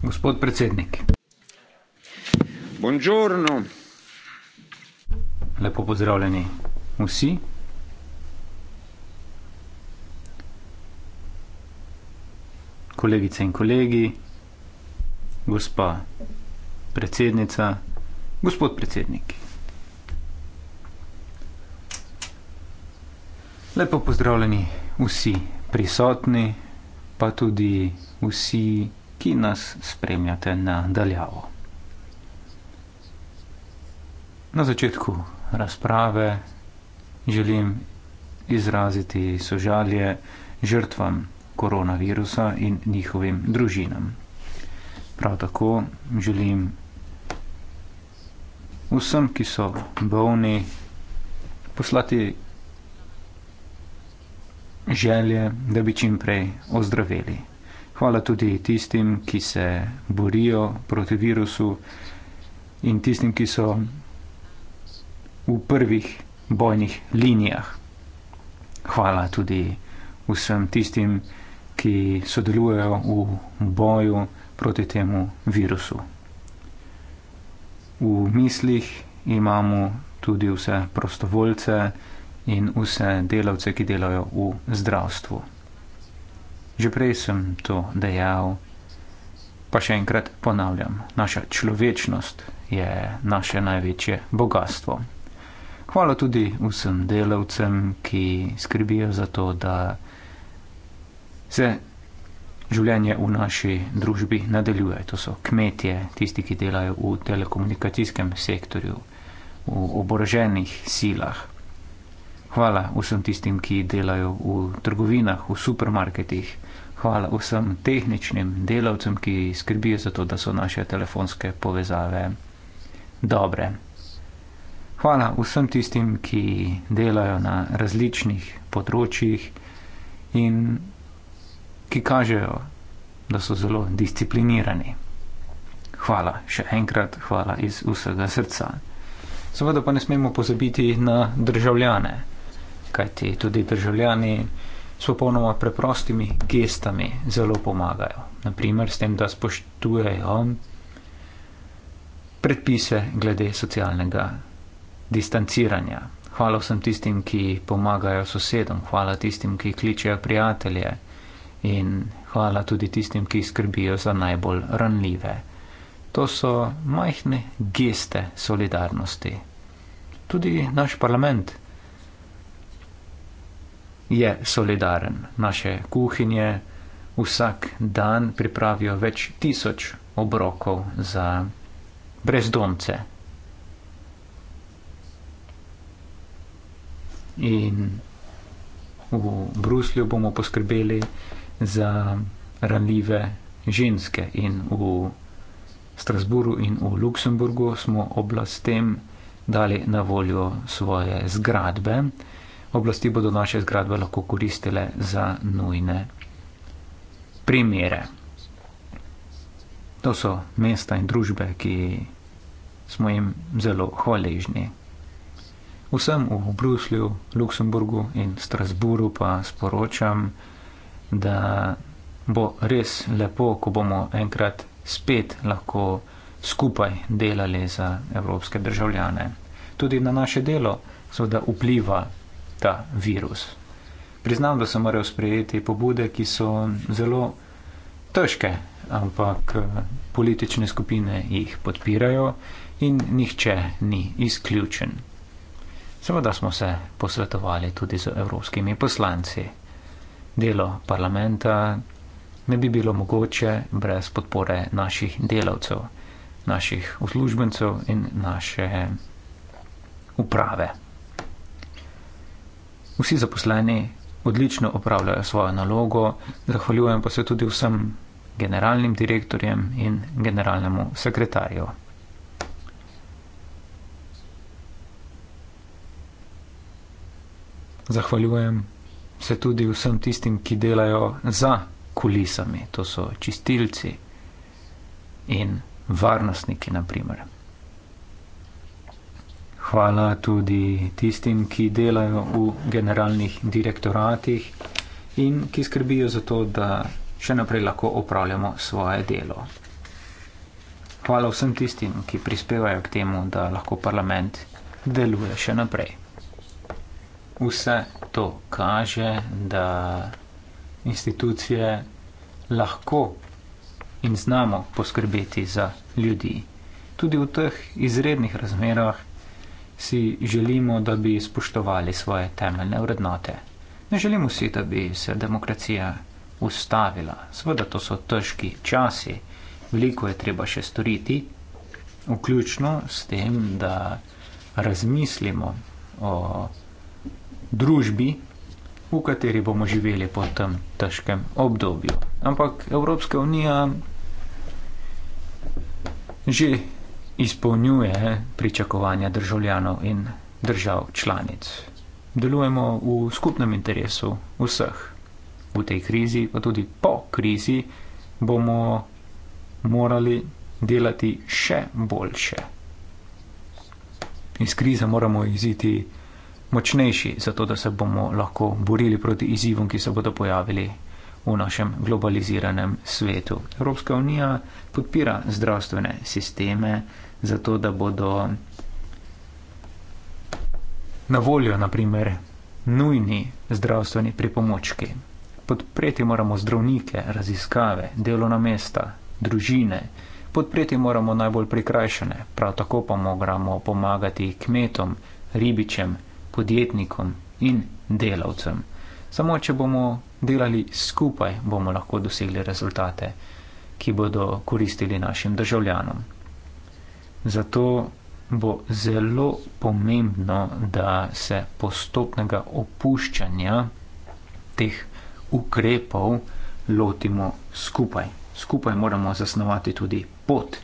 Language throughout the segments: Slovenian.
Gospod predsednik. Buongiorno. Lepo pozdravljeni vsi. Kolegice in kolegi, gospa predsednica, gospod predsednik. Lepo pozdravljeni vsi prisotni, pa tudi vsi prisotni ki nas spremljate na daljavo. Na začetku razprave želim izraziti sožalje žrtvam koronavirusa in njihovim družinam. Prav tako želim vsem, ki so bolni, poslati želje, da bi čim prej ozdravili. Hvala tudi tistim, ki se borijo proti virusu in tistim, ki so v prvih bojnih linijah. Hvala tudi vsem tistim, ki sodelujejo v boju proti temu virusu. V mislih imamo tudi vse prostovoljce in vse delavce, ki delajo v zdravstvu. Že prej sem to dejal, pa še enkrat ponavljam, naša človečnost je naše največje bogatstvo. Hvala tudi vsem delavcem, ki skrbijo za to, da se življenje v naši družbi nadaljuje. To so kmetje, tisti, ki delajo v telekomunikacijskem sektorju, v oboroženih silah. Hvala vsem tistim, ki delajo v trgovinah, v supermarketih. Hvala vsem tehničnim delavcem, ki skrbijo za to, da so naše telefonske povezave dobre. Hvala vsem tistim, ki delajo na različnih področjih in ki kažejo, da so zelo disciplinirani. Hvala še enkrat, hvala iz vsega srca. Seveda pa ne smemo pozabiti na državljane kajti tudi državljani s popolnoma preprostimi gestami zelo pomagajo. Naprimer, s tem, da spoštujejo predpise glede socialnega distanciranja. Hvala vsem tistim, ki pomagajo sosedom, hvala tistim, ki kličejo prijatelje in hvala tudi tistim, ki skrbijo za najbolj ranljive. To so majhne geste solidarnosti. Tudi naš parlament je solidaren. Naše kuhinje vsak dan pripravijo več tisoč obrokov za brezdomce. In v Bruslju bomo poskrbeli za ranljive ženske. In v Strasburu in v Luksemburgu smo oblastem dali na voljo svoje zgradbe oblasti bodo naše zgradbe lahko koristile za nujne primere. To so mesta in družbe, ki smo jim zelo hvaležni. Vsem v Bruslju, Luksemburgu in Strasburu pa sporočam, da bo res lepo, ko bomo enkrat spet lahko skupaj delali za evropske državljane. Tudi na naše delo seveda vpliva ta virus. Priznam, da sem moral sprejeti pobude, ki so zelo težke, ampak eh, politične skupine jih podpirajo in nihče ni izključen. Seveda smo se posvetovali tudi z evropskimi poslanci. Delo parlamenta ne bi bilo mogoče brez podpore naših delavcev, naših uslužbencev in naše uprave vsi zaposleni odlično opravljajo svojo nalogo. Zahvaljujem pa se tudi vsem generalnim direktorjem in generalnemu sekretarju. Zahvaljujem se tudi vsem tistim, ki delajo za kulisami. To so čistilci in varnostniki, naprimer hvala tudi tistim, ki delajo v generalnih direktoratih in ki skrbijo za to, da še naprej lahko opravljamo svoje delo. Hvala vsem tistim, ki prispevajo k temu, da lahko parlament deluje še naprej. Vse to kaže, da institucije lahko in znamo poskrbeti za ljudi. Tudi v teh izrednih razmerah si želimo, da bi spoštovali svoje temeljne vrednote. Ne želimo si, da bi se demokracija ustavila. Sveda to so težki časi, veliko je treba še storiti, vključno s tem, da razmislimo o družbi, v kateri bomo živeli po tem težkem obdobju. Ampak Evropska unija že izpolnjuje pričakovanja državljanov in držav članic. Delujemo v skupnem interesu vseh. V tej krizi, pa tudi po krizi, bomo morali delati še boljše. Iz krize moramo iziti močnejši, zato da se bomo lahko borili proti izzivom, ki se bodo pojavili v našem globaliziranem svetu. Evropska unija podpira zdravstvene sisteme, zato da bodo na voljo, naprimer, nujni zdravstveni pripomočki. Podpreti moramo zdravnike, raziskave, delovna mesta, družine, podpreti moramo najbolj prikrajšene, prav tako pa moramo pomagati kmetom, ribičem, podjetnikom in delavcem. Samo, če bomo delali skupaj, bomo lahko dosegli rezultate, ki bodo koristili našim državljanom. Zato bo zelo pomembno, da se postopnega opuščanja teh ukrepov lotimo skupaj. Skupaj moramo zasnovati tudi pot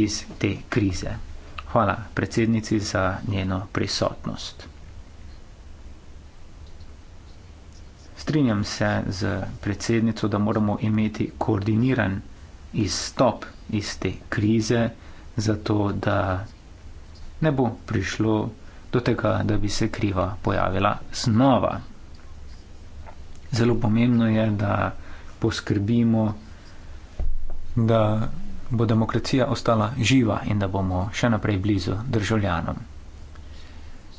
iz te krize. Hvala predsednici za njeno prisotnost. Strinjam se z predsednico, da moramo imeti koordiniran izstop iz te krize zato da ne bo prišlo do tega, da bi se kriva pojavila znova. Zelo pomembno je, da poskrbimo, da bo demokracija ostala živa in da bomo še naprej blizu državljanom.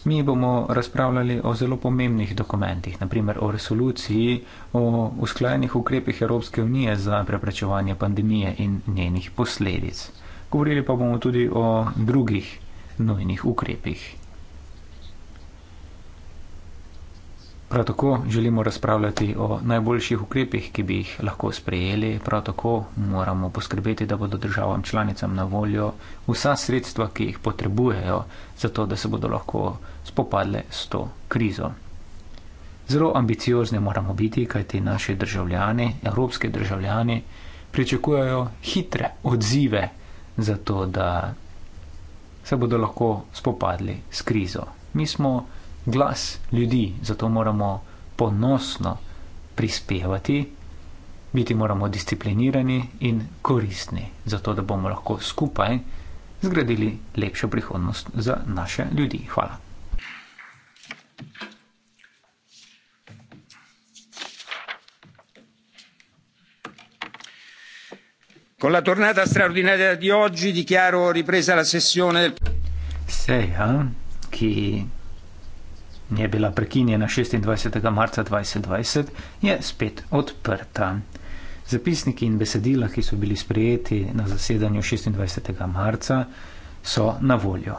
Mi bomo razpravljali o zelo pomembnih dokumentih, naprimer o resoluciji o usklajenih ukrepih Evropske unije za preprečevanje pandemije in njenih posledic govorili pa bomo tudi o drugih nujnih ukrepih. Prav tako želimo razpravljati o najboljših ukrepih, ki bi jih lahko sprejeli, prav tako moramo poskrbeti, da bodo državam članicam na voljo vsa sredstva, ki jih potrebujejo, zato da se bodo lahko spopadle s to krizo. Zelo ambiciozni moramo biti, kajti naši državljani, evropski državljani, pričakujejo hitre odzive zato da se bodo lahko spopadli s krizo. Mi smo glas ljudi, zato moramo ponosno prispevati, biti moramo disciplinirani in koristni, zato da bomo lahko skupaj zgradili lepšo prihodnost za naše ljudi. Hvala. Thank you. con la tornata straordinaria di oggi dichiaro ripresa la sessione del... Sej, ki je bila prekinjena 26. marca 2020, je spet odprta. Zapisniki in besedila, ki so bili sprejeti na zasedanju 26. marca, so na voljo.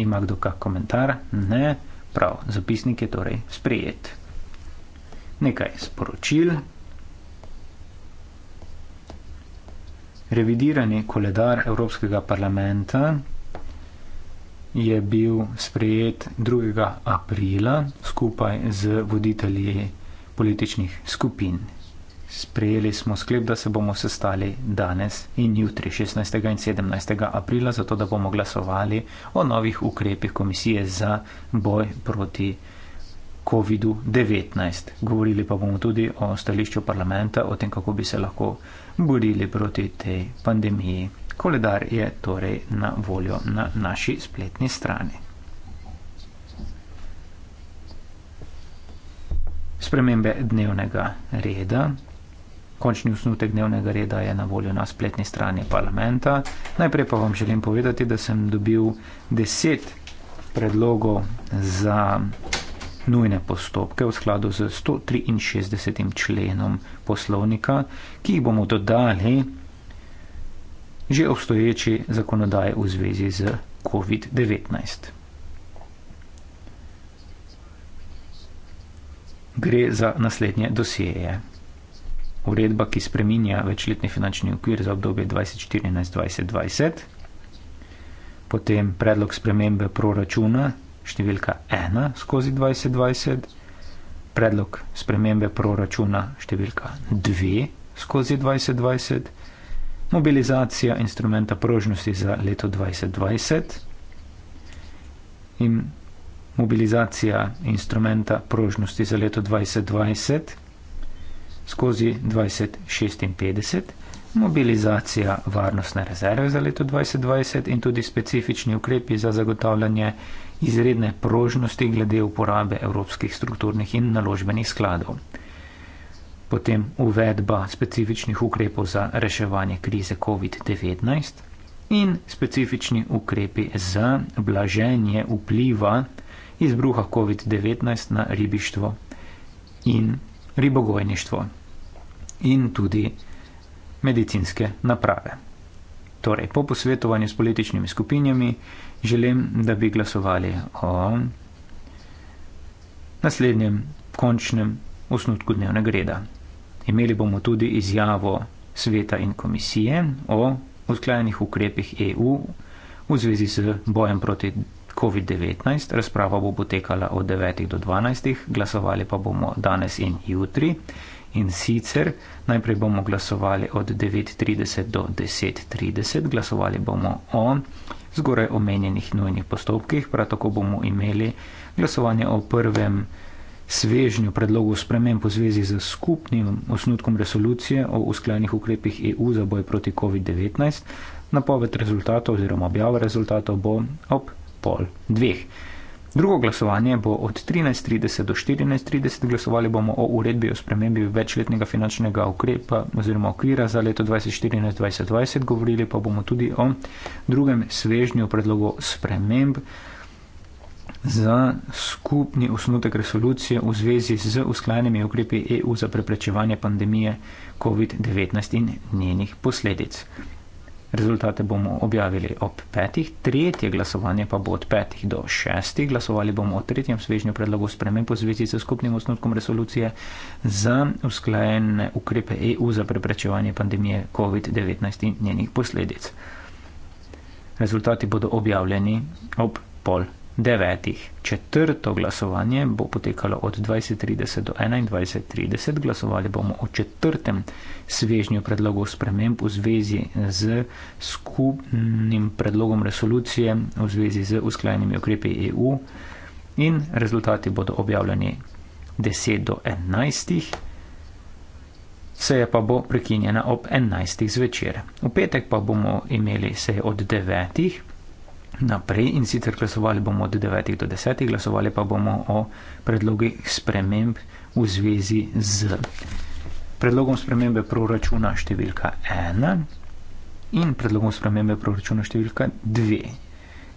Ima kdo kak komentar? Ne, prav, zapisnik je torej sprejet. Nekaj sporočil. Revidirani koledar Evropskega parlamenta je bil sprejet 2. aprila skupaj z voditelji političnih skupin. Sprejeli smo sklep, da se bomo sestali danes in jutri, 16. in 17. aprila, zato da bomo glasovali o novih ukrepih komisije za boj proti korupciji. COVID-19. Govorili pa bomo tudi o stališču parlamenta, o tem, kako bi se lahko borili proti tej pandemiji. Koledar je torej na voljo na naši spletni strani. Spremembe dnevnega reda. Končni usnutek dnevnega reda je na voljo na spletni strani parlamenta. Najprej pa vam želim povedati, da sem dobil deset predlogov za nujne postopke v skladu z 163. členom poslovnika, ki jih bomo dodali že obstoječi zakonodaje v zvezi z COVID-19. Gre za naslednje dosjeje. Uredba, ki spreminja večletni finančni okvir za obdobje 2014-2020. Potem predlog spremembe proračuna številka 1 skozi 2020, predlog spremembe proračuna številka 2 skozi 2020, mobilizacija instrumenta prožnosti za leto 2020 in mobilizacija instrumenta prožnosti za leto 2020 skozi 2056, mobilizacija varnostne rezerve za leto 2020 in tudi specifični ukrepi za zagotavljanje izredne prožnosti glede uporabe evropskih strukturnih in naložbenih skladov. Potem uvedba specifičnih ukrepov za reševanje krize COVID-19 in specifični ukrepi za blaženje vpliva izbruha COVID-19 na ribištvo in ribogojništvo in tudi medicinske naprave. Torej, po posvetovanju s političnimi skupinjami želim, da bi glasovali o naslednjem končnem osnutku dnevnega reda. Imeli bomo tudi izjavo sveta in komisije o usklajenih ukrepih EU v zvezi z bojem proti COVID-19. Razprava bo potekala od 9 do 12, glasovali pa bomo danes in jutri. In sicer najprej bomo glasovali od 9.30 do 10.30, glasovali bomo o zgoraj omenjenih nujnih postopkih, prav tako bomo imeli glasovanje o prvem svežnju predlogov sprememb v zvezi z skupnim osnutkom resolucije o usklajenih ukrepih EU za boj proti COVID-19. Napoved rezultatov oziroma objava rezultatov bo ob pol dveh. Drugo glasovanje bo od 13.30 do 14.30, glasovali bomo o uredbi o spremembi večletnega finančnega ukrepa oziroma okvira za leto 2014-2020, govorili pa bomo tudi o drugem svežnju predlogu sprememb za skupni osnutek resolucije v zvezi z usklajenimi ukrepi EU za preprečevanje pandemije COVID-19 in njenih posledic. Rezultate bomo objavili ob petih, tretje glasovanje pa bo od petih do šestih. Glasovali bomo o tretjem svežnju predlogu spremen po zvezi s skupnim osnutkom resolucije za usklajene ukrepe EU za preprečevanje pandemije COVID-19 in njenih posledic. Rezultati bodo objavljeni ob pol devetih. Četrto glasovanje bo potekalo od 20.30 do 21.30. Glasovali bomo o četrtem svežnju predlogov sprememb v zvezi z skupnim predlogom resolucije v zvezi z usklajenimi ukrepi EU in rezultati bodo objavljeni 10 do 11. Seja pa bo prekinjena ob 11. zvečer. V petek pa bomo imeli sejo od 9 naprej in sicer glasovali bomo od 9 do 10, glasovali pa bomo o predlogih sprememb v zvezi z predlogom spremembe proračuna številka 1 in predlogom spremembe proračuna številka 2.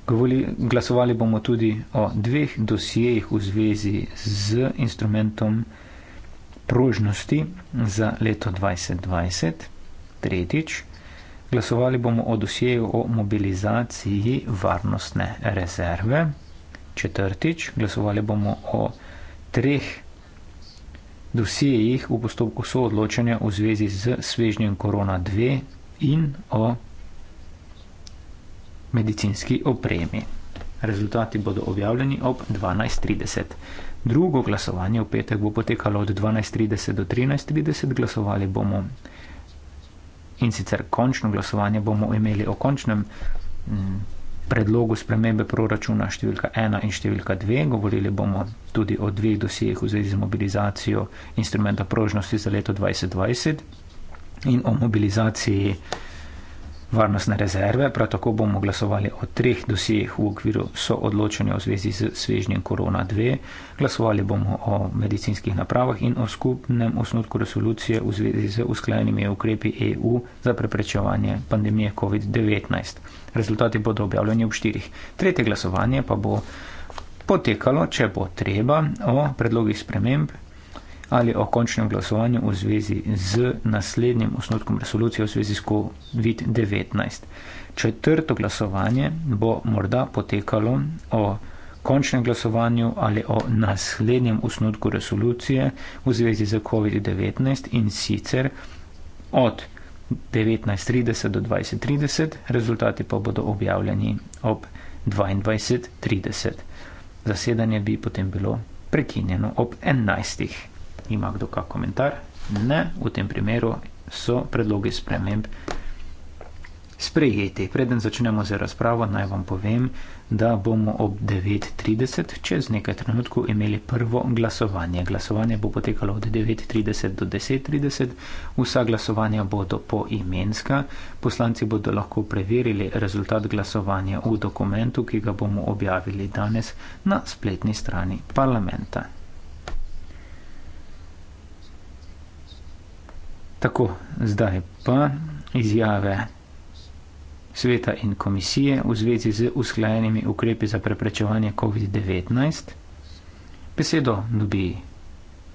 Govoli, glasovali bomo tudi o dveh dosijejih v zvezi z instrumentom prožnosti za leto 2020. Tretjič. Glasovali bomo o dosjeju o mobilizaciji varnostne rezerve. Četrtič, glasovali bomo o treh dosjejih v postopku soodločanja v zvezi z svežnjem korona 2 in o medicinski opremi. Rezultati bodo objavljeni ob 12.30. Drugo glasovanje v petek bo potekalo od 12.30 do 13.30. Glasovali bomo o in sicer končno glasovanje bomo imeli o končnem mm, predlogu spremembe proračuna številka 1 in številka 2. Govorili bomo tudi o dveh dosijeh v zvezi z mobilizacijo instrumenta prožnosti za leto 2020 in o mobilizaciji varnostne rezerve, prav tako bomo glasovali o treh dosijeh v okviru soodločanja v zvezi z svežnjem korona 2, glasovali bomo o medicinskih napravah in o skupnem osnutku resolucije v zvezi z usklajenimi ukrepi EU za preprečevanje pandemije COVID-19. Rezultati bodo objavljeni ob štirih. Tretje glasovanje pa bo potekalo, če bo treba, o predlogih sprememb ali o končnem glasovanju v zvezi z naslednjim osnotkom resolucije v zvezi s COVID-19. Četrto glasovanje bo morda potekalo o končnem glasovanju ali o naslednjem osnutku resolucije v zvezi z COVID-19 in sicer od 19.30 do 20.30, rezultati pa bodo objavljeni ob 22.30. Zasedanje bi potem bilo prekinjeno ob 11.00 ima kdo kak komentar? Ne, v tem primeru so predlogi sprememb sprejeti. Preden začnemo z razpravo, naj vam povem, da bomo ob 9.30 čez nekaj trenutkov imeli prvo glasovanje. Glasovanje bo potekalo od 9.30 do 10.30. Vsa glasovanja bodo poimenska. Poslanci bodo lahko preverili rezultat glasovanja v dokumentu, ki ga bomo objavili danes na spletni strani parlamenta. Tako, zdaj pa izjave sveta in komisije v zvezi z usklajenimi ukrepi za preprečevanje COVID-19. Besedo dobi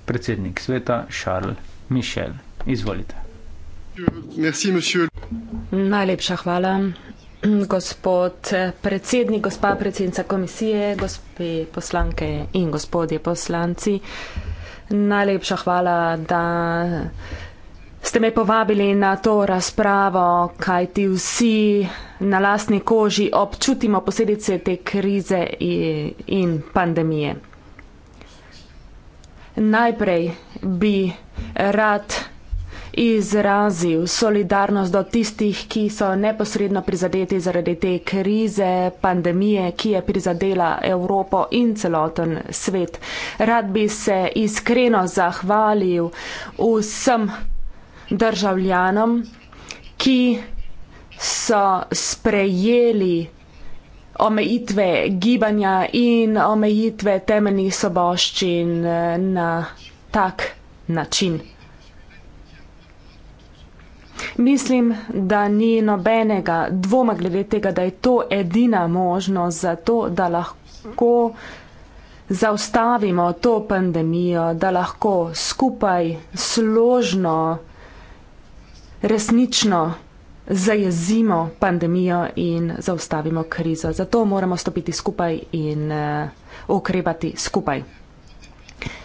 predsednik sveta Charles Michel. Izvolite. Merci, Najlepša hvala, gospod predsednik, gospa predsednica komisije, gospe poslanke in gospodje poslanci. Najlepša hvala, da ste me povabili na to razpravo, kaj ti vsi na lastni koži občutimo posledice te krize in pandemije. Najprej bi rad izrazil solidarnost do tistih, ki so neposredno prizadeti zaradi te krize, pandemije, ki je prizadela Evropo in celoten svet. Rad bi se iskreno zahvalil vsem državljanom, ki so sprejeli omejitve gibanja in omejitve temeljnih soboščin eh, na tak način. Mislim, da ni nobenega dvoma glede tega, da je to edina možnost za to, da lahko zaustavimo to pandemijo, da lahko skupaj, složno, resnično zajezimo pandemijo in zaustavimo krizo. Zato moramo stopiti skupaj in uh, ukrepati skupaj.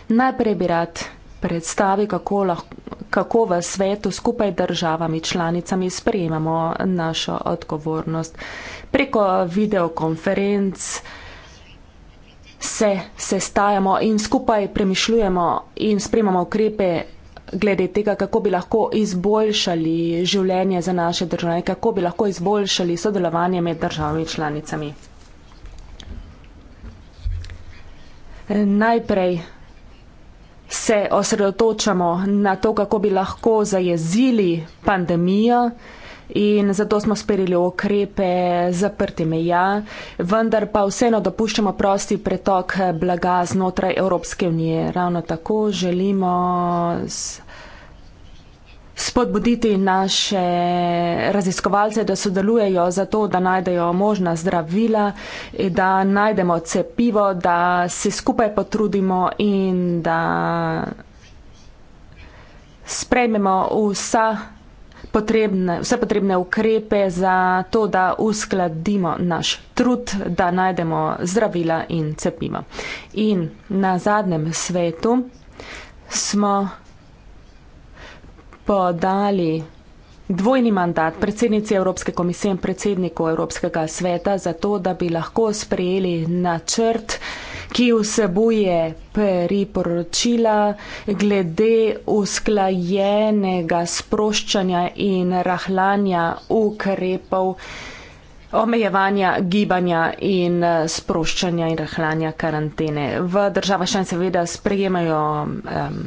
Najprej bi rad predstavil, kako, kako v svetu skupaj državami članicami sprejemamo našo odgovornost. Preko videokonferenc se sestajamo in skupaj premišljujemo in sprejemamo ukrepe glede tega, kako bi lahko izboljšali življenje za naše državljane, kako bi lahko izboljšali sodelovanje med državami članicami. Najprej se osredotočamo na to, kako bi lahko zajezili pandemijo in zato smo sperili okrepe zaprti meja, vendar pa vseeno dopuščamo prosti pretok eh, blaga znotraj Evropske unije. Ravno tako želimo spodbuditi naše raziskovalce, da sodelujejo za to, da najdejo možna zdravila, da najdemo cepivo, da se skupaj potrudimo in da sprejmemo vsa potrebne, vse potrebne ukrepe za to, da uskladimo naš trud, da najdemo zdravila in cepimo. In na zadnjem svetu smo podali dvojni mandat predsednici Evropske komisije in predsedniku Evropskega sveta za to, da bi lahko sprejeli načrt, ki vseboje priporočila glede usklajenega sproščanja in rahlanja ukrepov omejevanja gibanja in eh, sproščanja in rahlanja karantene. V državah še seveda sprejemajo um,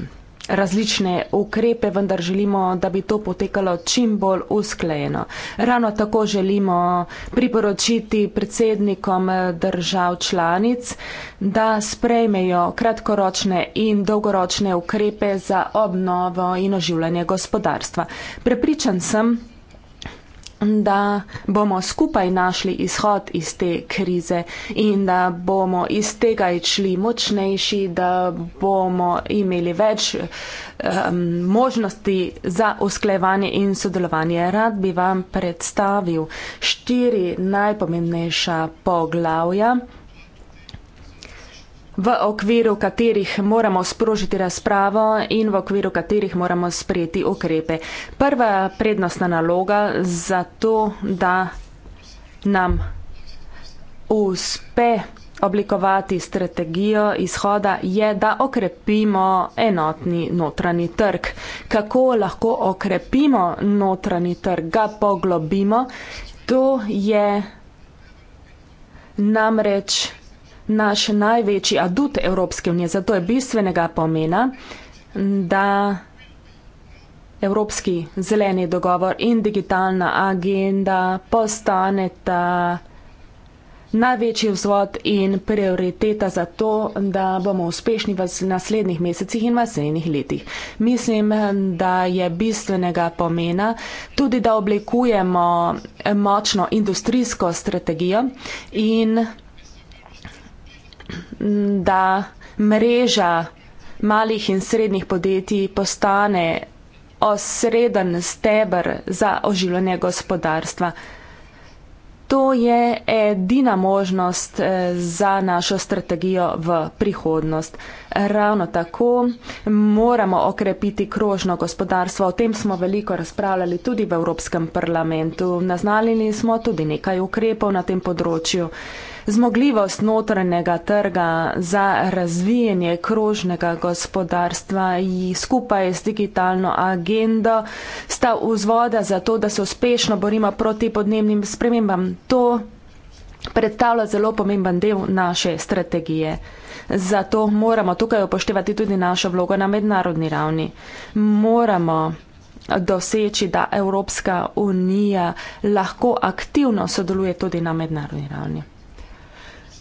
različne ukrepe, vendar želimo, da bi to potekalo čim bolj usklajeno. Ravno tako želimo priporočiti predsednikom eh, držav članic, da sprejmejo kratkoročne in dolgoročne ukrepe za obnovo in oživljanje gospodarstva. Prepričan sem, da bomo skupaj našli izhod iz te krize in da bomo iz tega išli močnejši, da bomo imeli več um, možnosti za usklevanje in sodelovanje. Rad bi vam predstavil štiri najpomembnejša poglavja v okviru katerih moramo sprožiti razpravo in v okviru katerih moramo sprejeti ukrepe. Prva prednostna naloga za to, da nam uspe oblikovati strategijo izhoda, je, da okrepimo enotni notranji trg. Kako lahko okrepimo notranji trg, ga poglobimo, to je namreč naš največji adut Evropske unije. Zato je bistvenega pomena, da Evropski zeleni dogovor in digitalna agenda postaneta največji vzvod in prioriteta za to, da bomo uspešni v naslednjih mesecih in v naslednjih letih. Mislim, da je bistvenega pomena tudi, da oblikujemo močno industrijsko strategijo in da mreža malih in srednjih podjetij postane osreden stebr za oživljanje gospodarstva. To je edina možnost eh, za našo strategijo v prihodnost. Ravno tako moramo okrepiti krožno gospodarstvo. O tem smo veliko razpravljali tudi v Evropskem parlamentu. Naznalili smo tudi nekaj ukrepov na tem področju. Zmogljivost notranjega trga za razvijanje krožnega gospodarstva skupaj s digitalno agendo sta vzvoda za to, da se uspešno borimo proti podnebnim spremembam. To predstavlja zelo pomemben del naše strategije. Zato moramo tukaj upoštevati tudi našo vlogo na mednarodni ravni. Moramo doseči, da Evropska unija lahko aktivno sodeluje tudi na mednarodni ravni.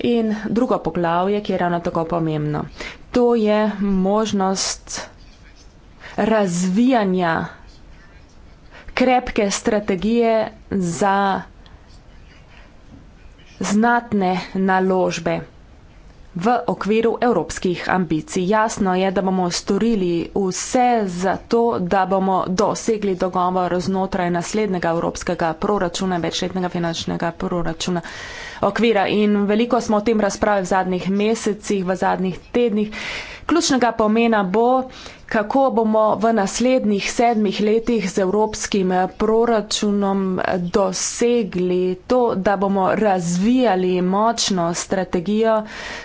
In drugo poglavje, ki je ravno tako pomembno, to je možnost razvijanja krepke strategije za znatne naložbe v okviru evropskih ambicij. Jasno je, da bomo storili vse za to, da bomo dosegli dogovor znotraj naslednjega evropskega proračuna, večletnega finančnega proračuna okvira. In veliko smo o tem razpravili v zadnjih mesecih, v zadnjih tednih. Ključnega pomena bo, kako bomo v naslednjih sedmih letih z evropskim eh, proračunom eh, dosegli to, da bomo razvijali močno strategijo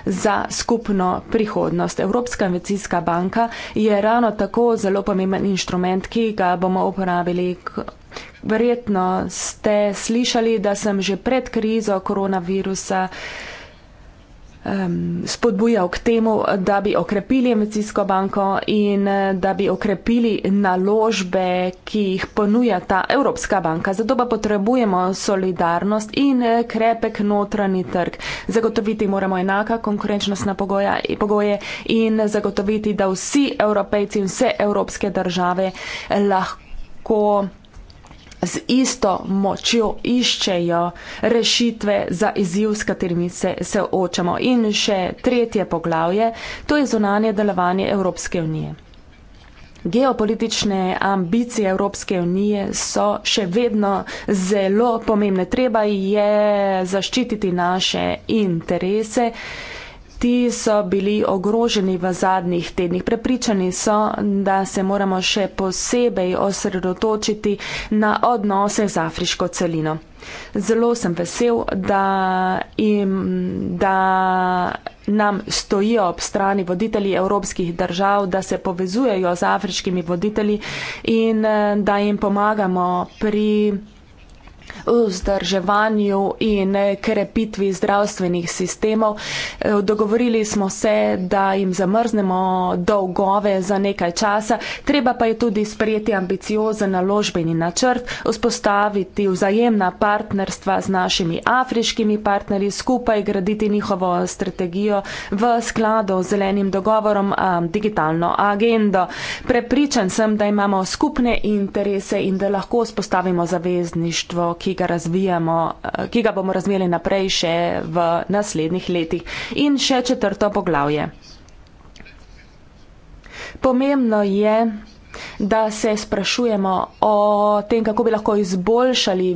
za skupno prihodnost. Evropska investicijska banka je ravno tako zelo pomemben inštrument, ki ga bomo uporabili. Verjetno ste slišali, da sem že pred krizo koronavirusa Um, spodbujal k temu, da bi okrepili investicijsko banko in eh, da bi okrepili naložbe, ki jih ponuja ta Evropska banka. Zato pa potrebujemo solidarnost in eh, krepek notranji trg. Zagotoviti moramo enaka konkurenčnostna pogoje in zagotoviti, da vsi evropejci in vse evropske države lahko ko z isto močjo iščejo rešitve za izziv, s katerimi se soočamo. In še tretje poglavje, to je zunanje delovanje Evropske unije. Geopolitične ambicije Evropske unije so še vedno zelo pomembne. Treba je zaščititi naše interese. Ti so bili ogroženi v zadnjih tednih. Prepričani so, da se moramo še posebej osredotočiti na odnose z afriško celino. Zelo sem vesel, da, im, da nam stojijo ob strani voditelji evropskih držav, da se povezujejo z afriškimi voditelji in eh, da jim pomagamo pri vzdrževanju in krepitvi zdravstvenih sistemov. E, dogovorili smo se, da jim zamrznemo dolgove za nekaj časa, treba pa je tudi sprejeti ambiciozen naložbeni načrt, vzpostaviti vzajemna partnerstva z našimi afriškimi partnerji, skupaj graditi njihovo strategijo v skladu z zelenim dogovorom, a, digitalno agendo. Prepričan sem, da imamo skupne interese in da lahko vzpostavimo zavezništvo ki ga razvijamo, eh, ki ga bomo razvijali naprej še v naslednjih letih. In še četrto poglavje. Pomembno je, da se sprašujemo o tem, kako bi lahko izboljšali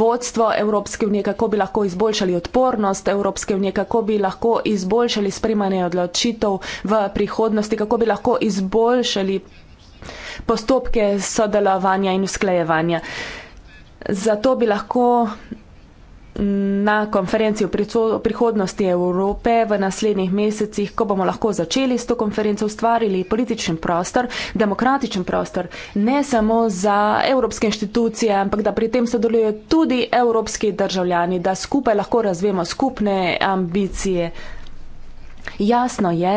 vodstvo Evropske unije, kako bi lahko izboljšali odpornost Evropske unije, kako bi lahko izboljšali sprejmanje odločitev v prihodnosti, kako bi lahko izboljšali postopke sodelovanja in usklejevanja. Uh, Zato bi lahko na konferenci o prihodnosti Evrope v naslednjih mesecih, ko bomo lahko začeli s to konferenco, ustvarili političen prostor, demokratičen prostor, ne samo za evropske inštitucije, ampak da pri tem sodelujo tudi evropski državljani, da skupaj lahko razvijemo skupne ambicije. Jasno je,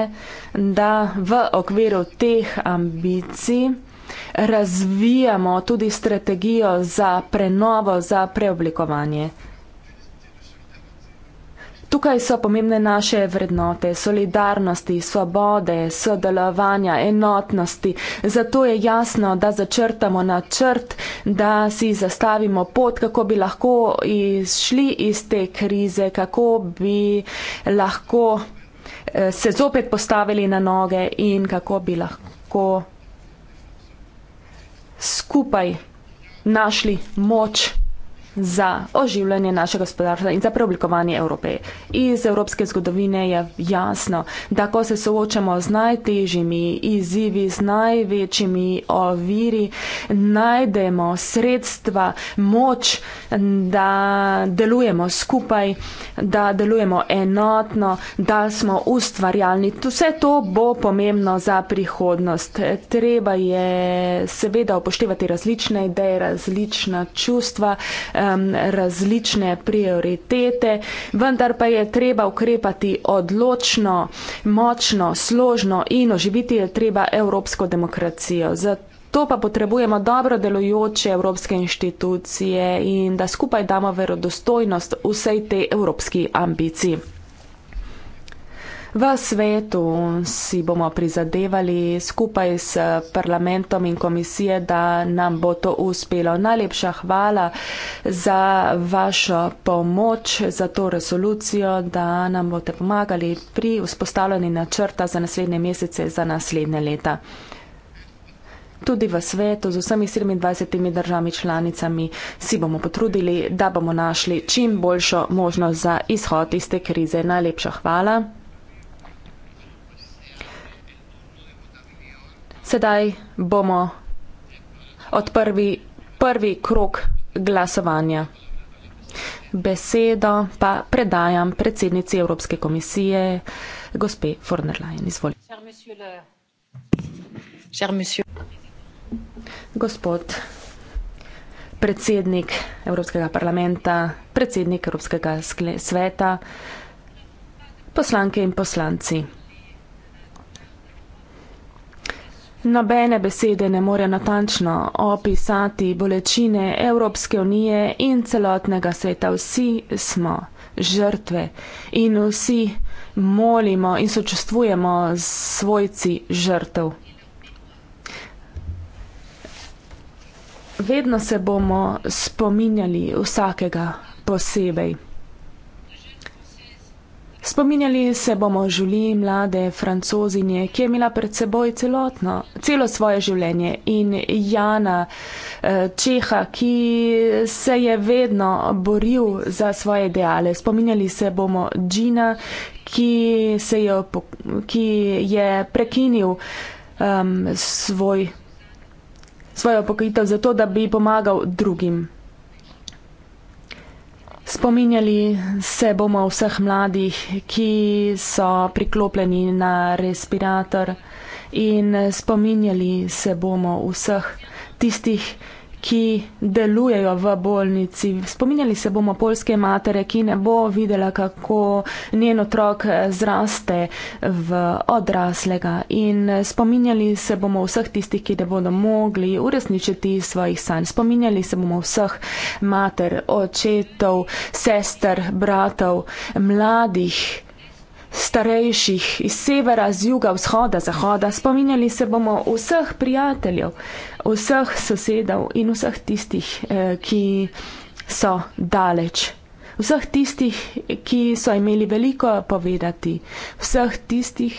da v okviru teh ambicij razvijamo tudi strategijo za prenovo, za preoblikovanje. Tukaj so pomembne naše vrednote, solidarnosti, svobode, sodelovanja, enotnosti. Zato je jasno, da začrtamo načrt, da si zastavimo pot, kako bi lahko izšli iz te krize, kako bi lahko eh, se zopet postavili na noge in kako bi lahko skupaj našli moč za oživljanje našega gospodarstva in za preoblikovanje Evrope. Iz evropske zgodovine je jasno, da ko se soočamo z najtežjimi izzivi, z največjimi oviri, najdemo sredstva, moč, da delujemo skupaj, da delujemo enotno, da smo ustvarjalni. Vse to bo pomembno za prihodnost. Treba je seveda upoštevati različne ideje, različna čustva, um, različne prioritete, vendar pa je treba ukrepati odločno, močno, složno in oživiti je treba evropsko demokracijo. Zato pa potrebujemo dobro delujoče evropske inštitucije in da skupaj damo verodostojnost vsej tej evropski ambiciji. V svetu si bomo prizadevali skupaj s parlamentom in komisije, da nam bo to uspelo. Najlepša hvala za vašo pomoč, za to resolucijo, da nam boste pomagali pri vzpostavljanju načrta za naslednje mesece, za naslednje leta. Tudi v svetu z vsemi 27 državami članicami si bomo potrudili, da bomo našli čim boljšo možnost za izhod iz te krize. Najlepša hvala. Sedaj bomo odprli prvi krok glasovanja. Besedo pa predajam predsednici Evropske komisije, gospe Fornerlein. Izvolite. Gospod predsednik Evropskega parlamenta, predsednik Evropskega sveta, poslanke in poslanci. Nobene besede ne more natančno opisati bolečine Evropske unije in celotnega sveta. Vsi smo žrtve in vsi molimo in sočustvujemo s svojci žrtev. Vedno se bomo spominjali vsakega posebej. Spominjali se bomo žuli mlade francozinje, ki je imela pred seboj celotno, celo svoje življenje in Jana eh, Čeha, ki se je vedno boril za svoje ideale. Spominjali se bomo Džina, ki, se je, ki je prekinil um, svoj, svojo pokojitev zato, da bi pomagal drugim. Spominjali se bomo vseh mladih, ki so priklopljeni na respirator in spominjali se bomo vseh tistih, ki delujejo v bolnici. Spominjali se bomo polske matere, ki ne bo videla, kako njen otrok zraste v odraslega in spominjali se bomo vseh tistih, ki ne bodo mogli uresničiti svojih sanj. Spominjali se bomo vseh mater, očetov, sester, bratov, mladih. Starejših iz severa, z juga, vzhoda, zahoda, spominjali se bomo vseh prijateljev, vseh sosedov in vseh tistih, eh, ki so daleč, vseh tistih, ki so imeli veliko povedati, vseh tistih,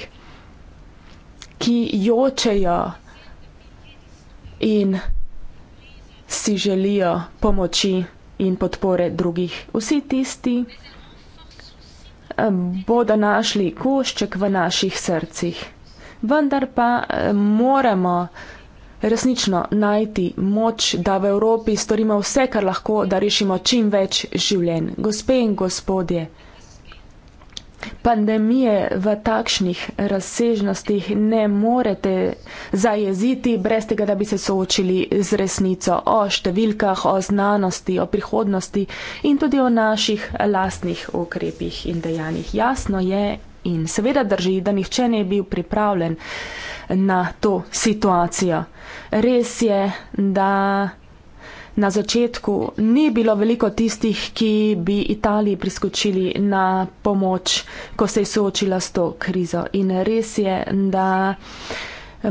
ki jočejo in si želijo pomoči in podpore drugih. Vsi tisti eh, bodo našli košček v naših srcih. Vendar pa eh, moramo resnično najti moč, da v Evropi storimo vse, kar lahko, da rešimo čim več življenj. Gospe in gospodje, pandemije v takšnih razsežnostih ne morete zajeziti brez tega, da bi se soočili z resnico o številkah, o znanosti, o prihodnosti in tudi o naših lastnih ukrepih in dejanjih. Jasno je in seveda drži, da nihče ne je bil pripravljen na to situacijo. Res je, da na začetku ni bilo veliko tistih, ki bi Italiji priskočili na pomoč, ko se je soočila s to krizo. In res je, da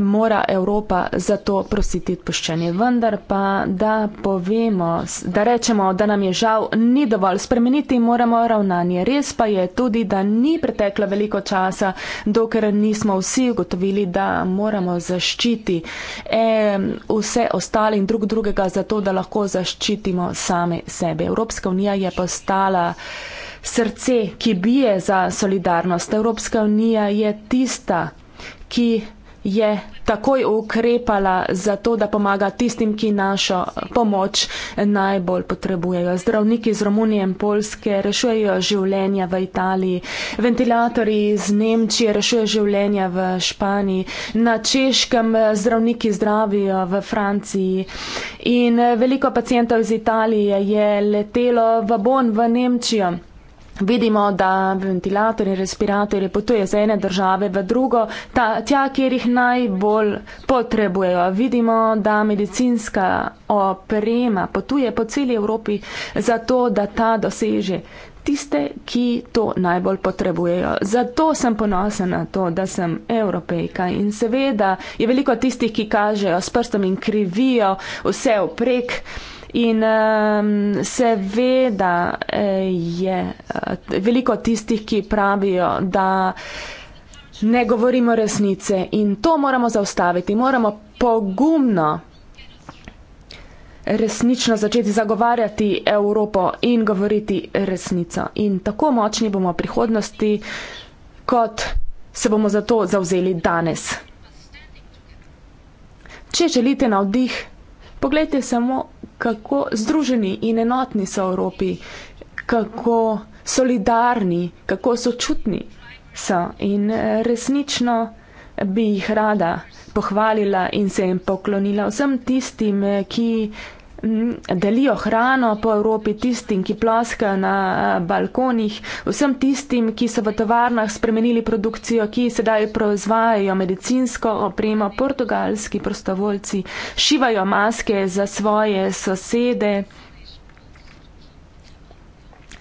mora Evropa za to prositi odpuščanje. Vendar pa, da povemo, da rečemo, da nam je žal, ni dovolj spremeniti, moramo ravnanje. Res pa je tudi, da ni preteklo veliko časa, dokler nismo vsi ugotovili, da moramo zaščiti e, vse ostale in drug drugega, zato da lahko zaščitimo same sebe. Evropska unija je postala. Srce, ki bije za solidarnost. Evropska unija je tista, ki je takoj ukrepala za to, da pomaga tistim, ki našo pomoč najbolj potrebujejo. Zdravniki iz Romunije in Polske rešujejo življenja v Italiji, ventilatori iz Nemčije rešujejo življenja v Španiji, na Češkem zdravniki zdravijo v Franciji in veliko pacijentov iz Italije je letelo v Bonn v Nemčijo. Vidimo, da ventilatorji in respiratorji potuje z ene države v drugo, ta, tja, kjer jih najbolj potrebujejo. Vidimo, da medicinska oprema potuje po celi Evropi zato, da ta doseže tiste, ki to najbolj potrebujejo. Zato sem ponosen na to, da sem evropejka in seveda je veliko tistih, ki kažejo s prstom in krivijo vse oprek. In um, seveda eh, je eh, veliko tistih, ki pravijo, da ne govorimo resnice in to moramo zaustaviti. Moramo pogumno resnično začeti zagovarjati Evropo in govoriti resnico. In tako močni bomo v prihodnosti, kot se bomo za to zauzeli danes. Če želite navdih, poglejte samo kako združeni in enotni so v Evropi, kako solidarni, kako sočutni so. In eh, resnično bi jih rada pohvalila in se jim poklonila vsem tistim, eh, ki Mm, delijo hrano po Evropi tistim, ki ploskajo na eh, balkonih, vsem tistim, ki so v tovarnah spremenili produkcijo, ki sedaj proizvajajo medicinsko opremo, portugalski prostovoljci, šivajo maske za svoje sosede.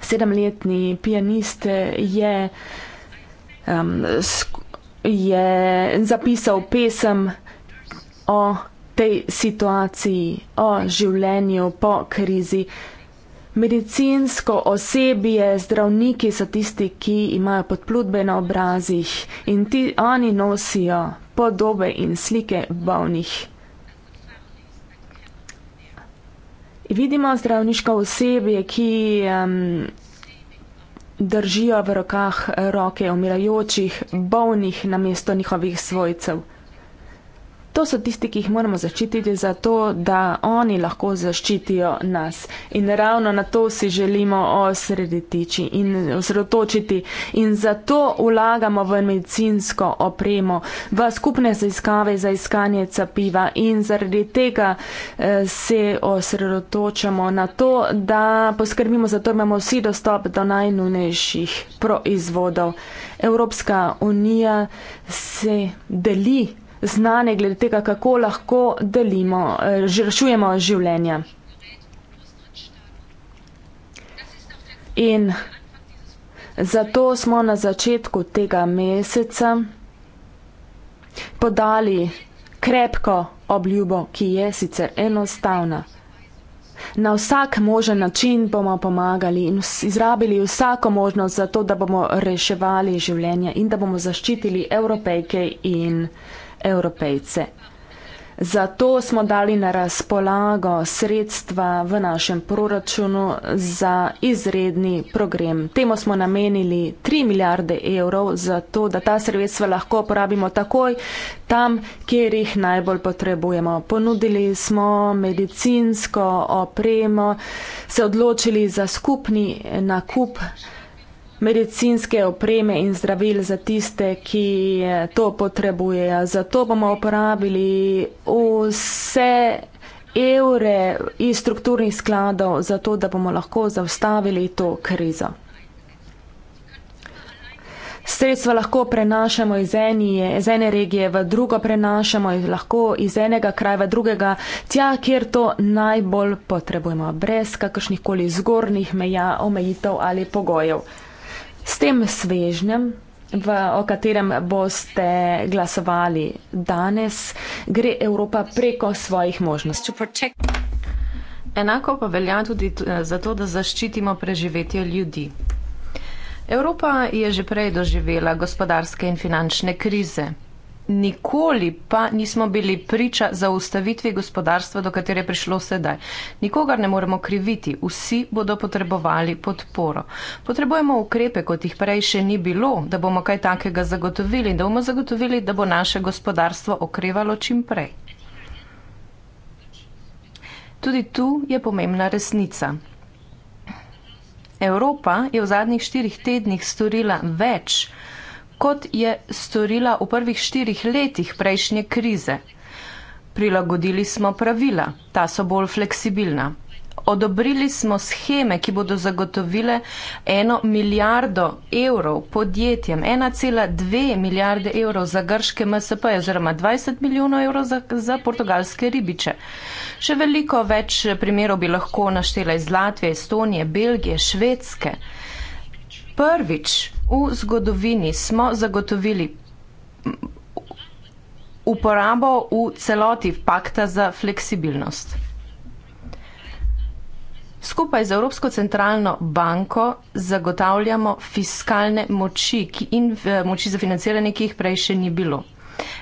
Sedemletni pijanist je, um, je zapisal pesem o tej situaciji, o življenju po krizi. Medicinsko osebje, zdravniki so tisti, ki imajo podplutbe na obrazih in ti oni nosijo podobe in slike bolnih. Vidimo zdravniško osebje, ki um, držijo v rokah roke umirajočih, bolnih na mesto njihovih svojcev. To so tisti, ki jih moramo zaščititi zato, da oni lahko zaščitijo nas. In ravno na to si želimo osredotiči in osredotočiti. In zato vlagamo v medicinsko opremo, v skupne zaiskave za iskanje capiva in zaradi tega eh, se osredotočamo na to, da poskrbimo za to, da imamo vsi dostop do najnujnejših proizvodov. Evropska unija se deli znane glede tega, kako lahko delimo, eh, rešujemo življenja. In zato smo na začetku tega meseca podali krepko obljubo, ki je sicer enostavna. Na vsak možen način bomo pomagali in izrabili vsako možnost za to, da bomo reševali življenja in da bomo zaščitili evropejke in evropejke evropejce. Zato smo dali na razpolago sredstva v našem proračunu za izredni program. Temu smo namenili 3 milijarde evrov, zato da ta sredstva lahko uporabimo takoj tam, kjer jih najbolj potrebujemo. Ponudili smo medicinsko opremo, se odločili za skupni nakup medicinske opreme in zdravil za tiste, ki eh, to potrebujejo. Zato bomo uporabili vse evre iz strukturnih skladov, zato da bomo lahko zaustavili to krizo. Sredstva lahko prenašamo iz, eni, iz ene regije v drugo, prenašamo jih lahko iz enega kraja v drugega, tja, kjer to najbolj potrebujemo, brez kakršnih koli zgornjih meja, omejitev ali pogojev. S tem svežnjem, v, o katerem boste glasovali danes, gre Evropa preko svojih možnosti. Enako pa velja tudi eh, za to, da zaščitimo preživetje ljudi. Evropa je že prej doživela gospodarske in finančne krize. Nikoli pa nismo bili priča zaustavitvi gospodarstva, do katere je prišlo sedaj. Nikogar ne moremo kriviti, vsi bodo potrebovali podporo. Potrebujemo ukrepe, kot jih prej še ni bilo, da bomo kaj takega zagotovili in da bomo zagotovili, da bo naše gospodarstvo okrevalo čim prej. Tudi tu je pomembna resnica. Evropa je v zadnjih štirih tednih storila več, kot je storila v prvih štirih letih prejšnje krize. Prilagodili smo pravila, ta so bolj fleksibilna. Odobrili smo scheme, ki bodo zagotovile eno milijardo evrov podjetjem, 1,2 milijarde evrov za grške MSP oziroma 20 milijonov evrov za, za portugalske ribiče. Še veliko več primerov bi lahko naštela iz Latvije, Estonije, Belgije, Švedske prvič v zgodovini smo zagotovili uporabo v celoti pakta za fleksibilnost. Skupaj z Evropsko centralno banko zagotavljamo fiskalne moči in eh, moči za financiranje, ki jih prej še ni bilo.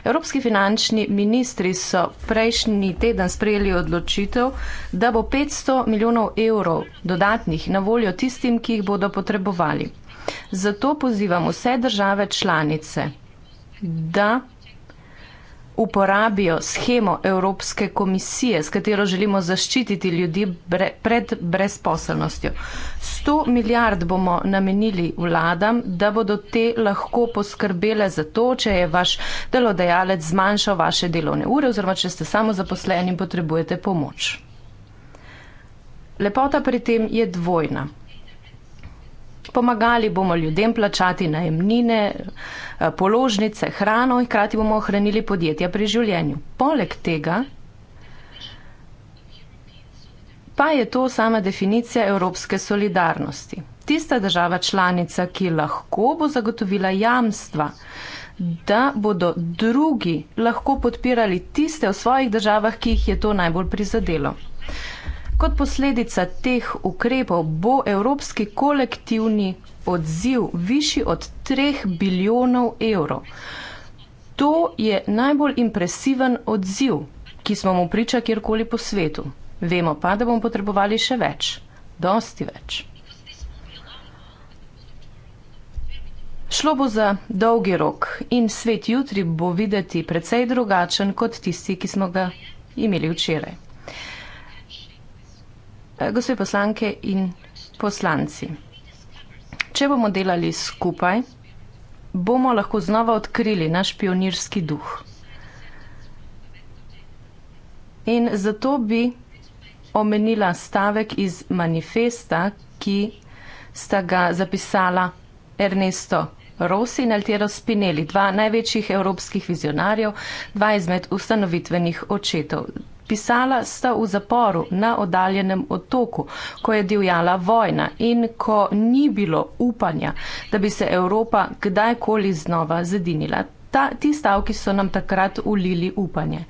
Evropski finančni ministri so prejšnji teden sprejeli odločitev, da bo 500 milijonov evrov dodatnih na voljo tistim, ki jih bodo potrebovali. Zato pozivam vse države članice, da uporabijo schemo Evropske komisije, s katero želimo zaščititi ljudi bre, pred brezposelnostjo. 100 milijard bomo namenili vladam, da bodo te lahko poskrbele za to, če je vaš delodajalec zmanjšal vaše delovne ure oziroma če ste samo zaposleni in potrebujete pomoč. Lepota pri tem je dvojna. Pomagali bomo ljudem plačati najemnine, eh, položnice, hrano in hkrati bomo ohranili podjetja pri življenju. Poleg tega pa je to sama definicija evropske solidarnosti. Tista država članica, ki lahko bo zagotovila jamstva, da bodo drugi lahko podpirali tiste v svojih državah, ki jih je to najbolj prizadelo kot posledica teh ukrepov bo evropski kolektivni odziv višji od 3 bilijonov evrov. To je najbolj impresiven odziv, ki smo mu priča kjerkoli po svetu. Vemo pa, da bomo potrebovali še več, dosti več. Šlo bo za dolgi rok in svet jutri bo videti precej drugačen kot tisti, ki smo ga imeli včeraj. Eh, gospe poslanke in poslanci. Če bomo delali skupaj, bomo lahko znova odkrili naš pionirski duh. In zato bi omenila stavek iz manifesta, ki sta ga zapisala Ernesto Rossi in Altiero Spinelli, dva največjih evropskih vizionarjev, dva izmed ustanovitvenih očetov. Pisala sta v zaporu na oddaljenem otoku, ko je divjala vojna in ko ni bilo upanja, da bi se Evropa kdajkoli znova zedinila. Ta, ti stavki so nam takrat ulili upanje.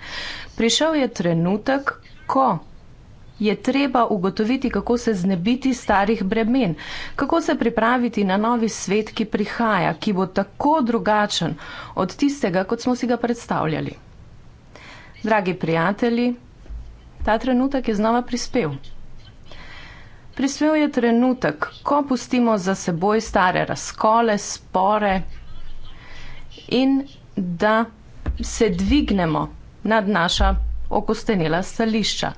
Prišel je trenutek, ko je treba ugotoviti, kako se znebiti starih bremen, kako se pripraviti na novi svet, ki prihaja, ki bo tako drugačen od tistega, kot smo si ga predstavljali. Dragi prijatelji, ta trenutek je znova prispel. Prispel je trenutek, ko pustimo za seboj stare razkole, spore in da se dvignemo nad naša okostenila stališča.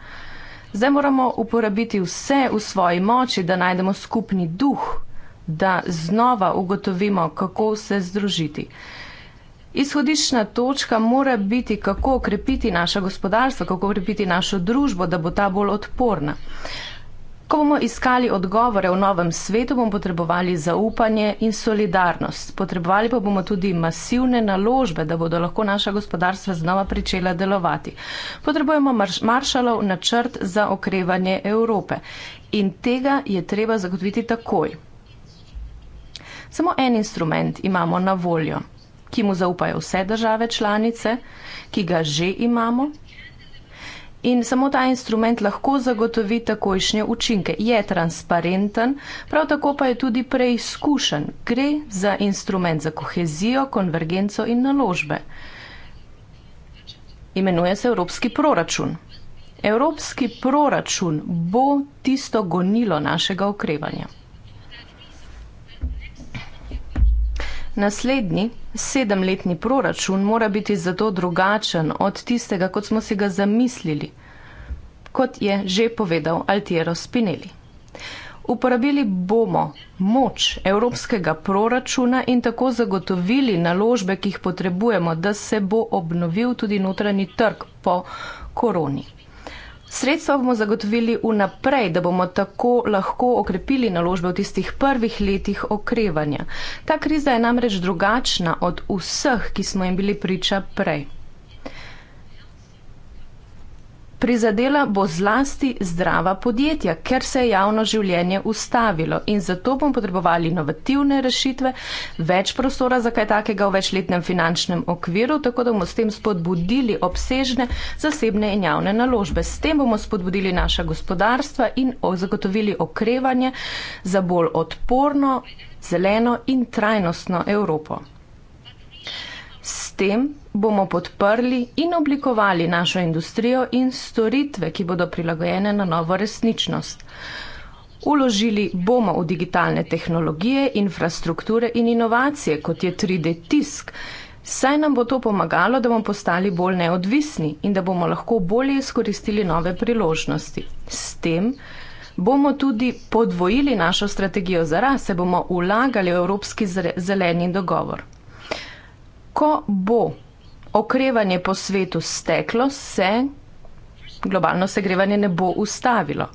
Zdaj moramo uporabiti vse v svoji moči, da najdemo skupni duh, da znova ugotovimo, kako se združiti izhodiščna točka mora biti, kako okrepiti naše gospodarstvo, kako okrepiti našo družbo, da bo ta bolj odporna. Ko bomo iskali odgovore v novem svetu, bomo potrebovali zaupanje in solidarnost. Potrebovali pa bomo tudi masivne naložbe, da bodo lahko naša gospodarstva znova pričela delovati. Potrebujemo marš maršalov načrt za okrevanje Evrope in tega je treba zagotoviti takoj. Samo en instrument imamo na voljo ki mu zaupajo vse države članice, ki ga že imamo. In samo ta instrument lahko zagotovi takojšnje učinke. Je transparenten, prav tako pa je tudi preizkušen. Gre za instrument za kohezijo, konvergenco in naložbe. Imenuje se Evropski proračun. Evropski proračun bo tisto gonilo našega okrevanja. Naslednji, sedemletni proračun mora biti zato drugačen od tistega, kot smo si ga zamislili, kot je že povedal Altiero Spinelli. Uporabili bomo moč evropskega proračuna in tako zagotovili naložbe, ki jih potrebujemo, da se bo obnovil tudi notranji trg po koroni. Sredstva bomo zagotovili vnaprej, da bomo tako lahko okrepili naložbe v tistih prvih letih okrevanja. Ta kriza je namreč drugačna od vseh, ki smo jim bili priča prej prizadela bo zlasti zdrava podjetja, ker se je javno življenje ustavilo in zato bomo potrebovali inovativne rešitve, več prostora za kaj takega v večletnem finančnem okviru, tako da bomo s tem spodbudili obsežne zasebne in javne naložbe. S tem bomo spodbudili naša gospodarstva in zagotovili okrevanje za bolj odporno, zeleno in trajnostno Evropo. S tem bomo podprli in oblikovali našo industrijo in storitve, ki bodo prilagojene na novo resničnost. Uložili bomo v digitalne tehnologije, infrastrukture in inovacije, kot je 3D tisk. Saj nam bo to pomagalo, da bomo postali bolj neodvisni in da bomo lahko bolje izkoristili nove priložnosti. S tem bomo tudi podvojili našo strategijo za rase, bomo ulagali v Evropski zeleni dogovor. Ko bo okrevanje po svetu steklo, se globalno segrevanje ne bo ustavilo.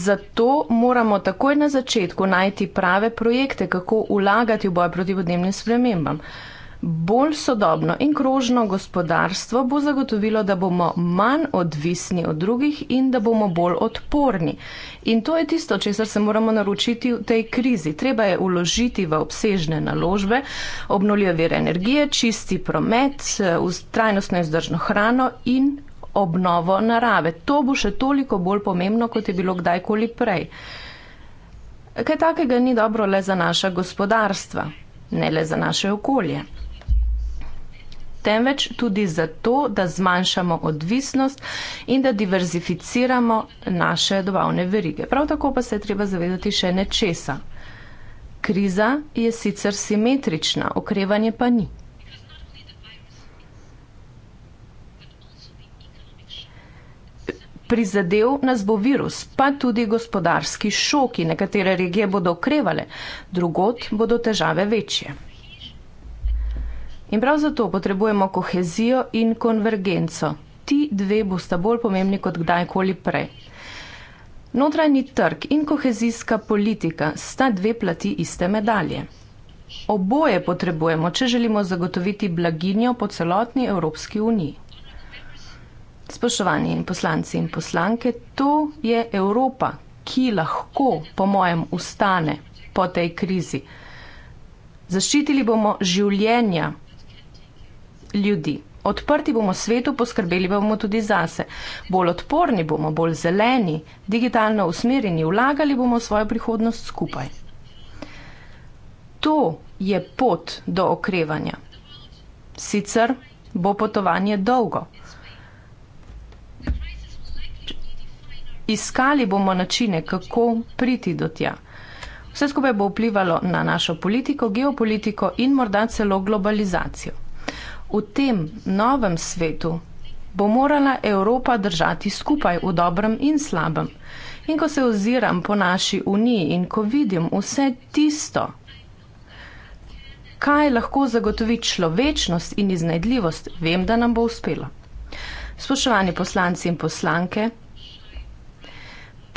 Zato moramo takoj na začetku najti prave projekte, kako ulagati v boj proti podnebnim spremembam. Uh, Bolj sodobno in krožno gospodarstvo bo zagotovilo, da bomo manj odvisni od drugih in da bomo bolj odporni. In to je tisto, česar se moramo naročiti v tej krizi. Treba je uložiti v obsežne naložbe, obnoljive vire energije, čisti promet, eh, trajnostno in zdržno hrano in obnovo narave. To bo še toliko bolj pomembno, kot je bilo kdajkoli prej. Kaj takega ni dobro le za naša gospodarstva, ne le za naše okolje temveč tudi zato, da zmanjšamo odvisnost in da diverzificiramo naše dobavne verige. Prav tako pa se je treba zavedati še nečesa. Kriza je sicer simetrična, okrevanje pa ni. Prizadev nas bo virus, pa tudi gospodarski šoki. Nekatere regije bodo okrevale, drugot bodo težave večje. In prav zato potrebujemo kohezijo in konvergenco. Ti dve bosta bolj pomembni kot kdajkoli prej. Notranji trg in kohezijska politika sta dve plati iste medalje. Oboje potrebujemo, če želimo zagotoviti blaginjo po celotni Evropski uniji. Spoštovani in poslanci in poslanke, to je Evropa, ki lahko, po mojem, ustane po tej krizi. Zaščitili bomo življenja, ljudi. Odprti bomo svetu, poskrbeli bomo tudi zase. Bolj odporni bomo, bolj zeleni, digitalno usmerjeni, vlagali bomo svojo prihodnost skupaj. To je pot do okrevanja. Sicer bo potovanje dolgo. Iskali bomo načine, kako priti do tja. Vse skupaj bo vplivalo na našo politiko, geopolitiko in morda celo globalizacijo. V tem novem svetu bo morala Evropa držati skupaj v dobrem in slabem. In ko se oziram po naši uniji in ko vidim vse tisto, kaj lahko zagotovi človečnost in iznajdljivost, vem, da nam bo uspelo. Spoštovani poslanci in poslanke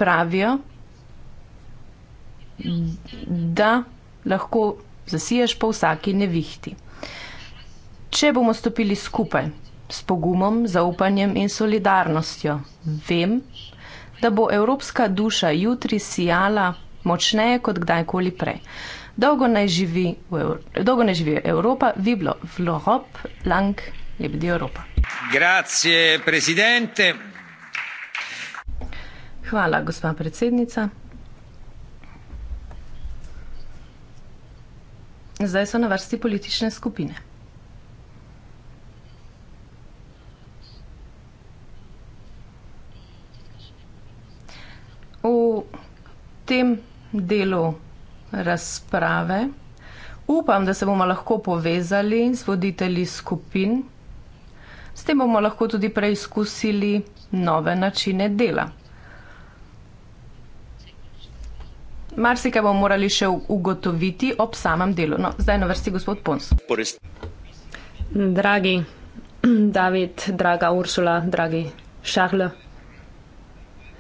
pravijo, da lahko zasiješ po vsaki nevihti če bomo stopili skupaj, s pogumom, zaupanjem in solidarnostjo, vem, da bo evropska duša jutri sijala močneje kot kdajkoli prej. Dolgo naj živi, Evro Dolgo naj živi Evropa, Viblo, Vlohop, Lang, Lebedi Evropa. Grazie, presidente. Hvala, gospa predsednica. Zdaj so na vrsti politične skupine. v tem delu razprave. Upam, da se bomo lahko povezali z voditelji skupin. S tem bomo lahko tudi preizkusili nove načine dela. Marsikaj bomo morali še ugotoviti ob samem delu. No, zdaj na vrsti gospod Pons. Dragi David, draga Ursula, dragi Charles.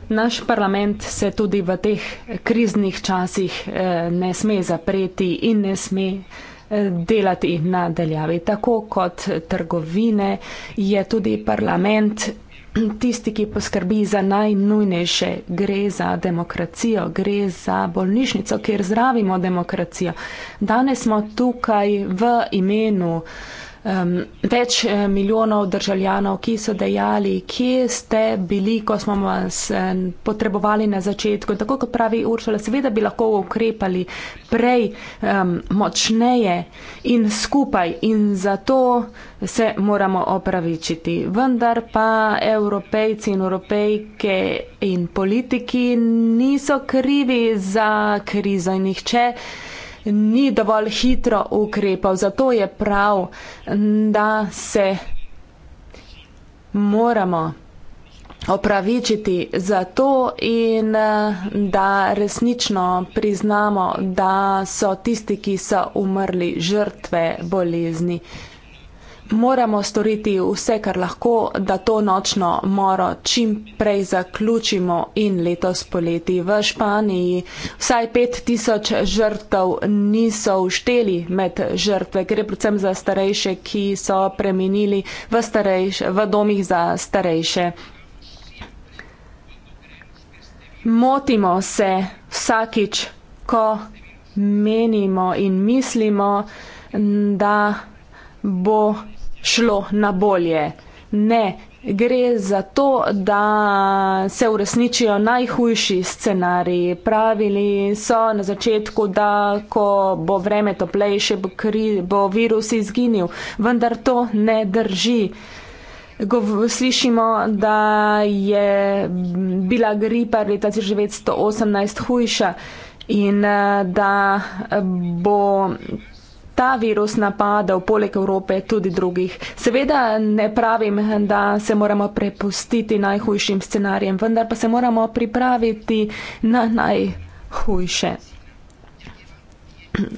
Naš parlament se tudi v teh kriznih časih eh, ne sme zapreti in ne sme eh, delati na deljavi. Tako kot trgovine je tudi parlament tisti, ki poskrbi za najnujnejše. Gre za demokracijo, gre za bolnišnico, kjer zdravimo demokracijo. Danes smo tukaj v imenu um, več eh, milijonov državljanov, ki so dejali, kje ste bili, ko smo vas eh, potrebovali na začetku. Tako kot pravi Uršala, seveda bi lahko ukrepali prej, um, močneje in skupaj in zato se moramo opravičiti. Vendar pa evropejci in evropejke in politiki niso krivi za krizo in jihče ni dovolj hitro ukrepal. Zato je prav, da se moramo opravičiti za to in eh, da resnično priznamo, da so tisti, ki so umrli, žrtve bolezni moramo storiti vse, kar lahko, da to nočno moro čim prej zaključimo in letos poleti. V Španiji vsaj 5000 žrtev niso ušteli med žrtve. Gre predvsem za starejše, ki so premenili v, starejš, v domih za starejše. Motimo se vsakič, ko menimo in mislimo, da bo šlo na bolje. Ne, gre za to, da se uresničijo najhujši scenariji. Pravili so na začetku, da ko bo vreme toplejše, bo, kri, bo virus izginil, vendar to ne drži. Gov, slišimo, da je bila gripa leta 1918 hujša in eh, da bo ta virus napadal poleg Evrope tudi drugih. Seveda ne pravim, da se moramo prepustiti najhujšim scenarijem, vendar pa se moramo pripraviti na najhujše.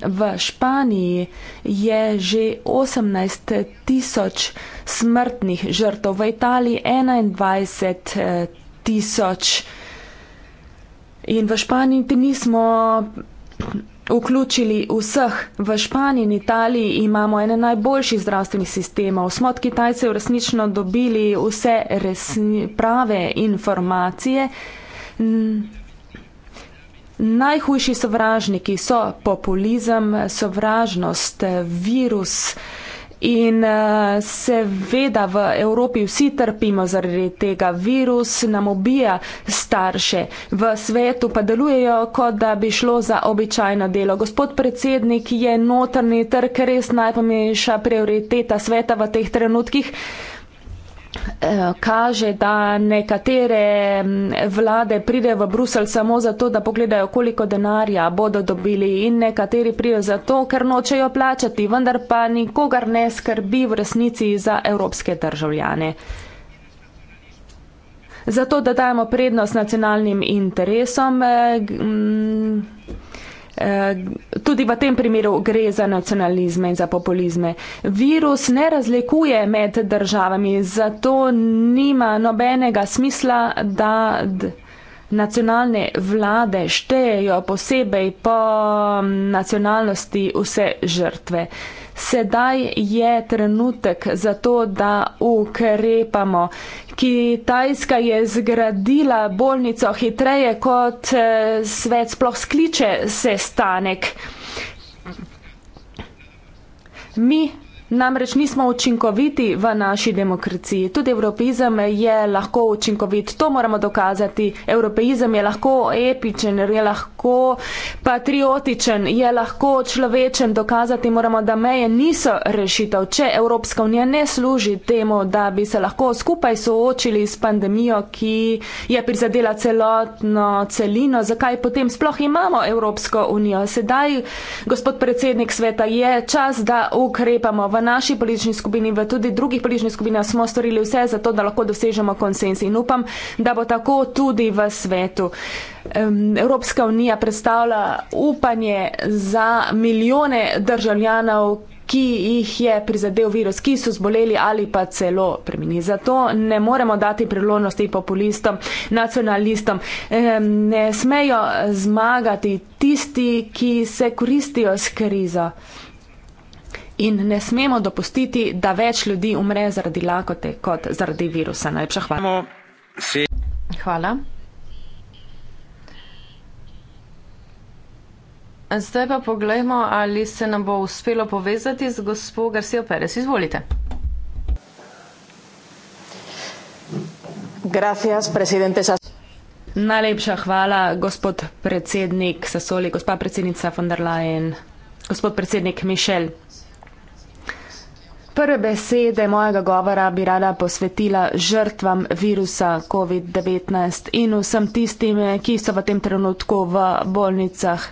V Španiji je že 18 tisoč smrtnih žrtov, v Italiji 21 tisoč. In v Španiji nismo vključili vseh. V Španiji in Italiji imamo ene najboljših zdravstvenih sistemov. Smo od Kitajcev resnično dobili vse resni, prave informacije. Najhujši sovražniki so populizem, sovražnost, virus. In uh, seveda v Evropi vsi trpimo zaradi tega. Virus nam ubija starše. V svetu pa delujejo, kot da bi šlo za običajno delo. Gospod predsednik je notrni trg res najpomembnejša prioriteta sveta v teh trenutkih. Eh, kaže, da nekatere mm, vlade pridejo v Bruselj samo zato, da pogledajo, koliko denarja bodo dobili in nekateri pridejo zato, ker nočejo plačati, vendar pa nikogar ne skrbi v resnici za evropske državljane. Zato, da dajemo prednost nacionalnim interesom. Eh, mm, Eh, tudi v tem primeru gre za nacionalizme in za populizme. Virus ne razlikuje med državami, zato nima nobenega smisla, da nacionalne vlade štejejo posebej po mm, nacionalnosti vse žrtve. Sedaj je trenutek za to, da ukrepamo. Kitajska je zgradila bolnico hitreje, kot eh, svet sploh skliče sestanek. Mi Namreč nismo učinkoviti v naši demokraciji. Tudi evropeizem je lahko učinkovit, to moramo dokazati. Evropeizem je lahko epičen, je lahko patriotičen, je lahko človečen. Dokazati moramo, da meje niso rešitev, če Evropska unija ne služi temu, da bi se lahko skupaj soočili s pandemijo, ki je prizadela celotno celino. Zakaj potem sploh imamo Evropsko unijo? Sedaj, gospod predsednik sveta, je čas, da ukrepamo v naši politični skupini, v tudi drugih političnih skupinah smo storili vse za to, da lahko dosežemo konsens in upam, da bo tako tudi v svetu. Evropska unija predstavlja upanje za milijone državljanov, ki jih je prizadel virus, ki so zboleli ali pa celo premini. Zato ne moremo dati priložnosti populistom, nacionalistom. Ne smejo zmagati tisti, ki se koristijo s krizo. In ne smemo dopustiti, da več ljudi umre zaradi lakote kot zaradi virusa. Najlepša hvala. Hvala. Zdaj pa pogledajmo, ali se nam bo uspelo povezati z gospo Garcijo Perez. Izvolite. Gracias, Najlepša hvala, gospod predsednik Sasoli, gospa predsednica von der Leyen, gospod predsednik Mišel. Prve besede mojega govora bi rada posvetila žrtvam virusa COVID-19 in vsem tistim, ki so v tem trenutku v bolnicah,